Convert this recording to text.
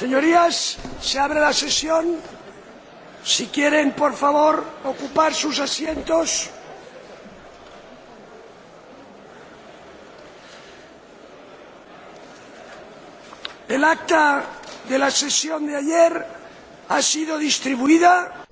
Señorías, se abre la sesión. Si quieren, por favor, ocupar sus asientos. El acta de la sesión de ayer ha sido distribuida.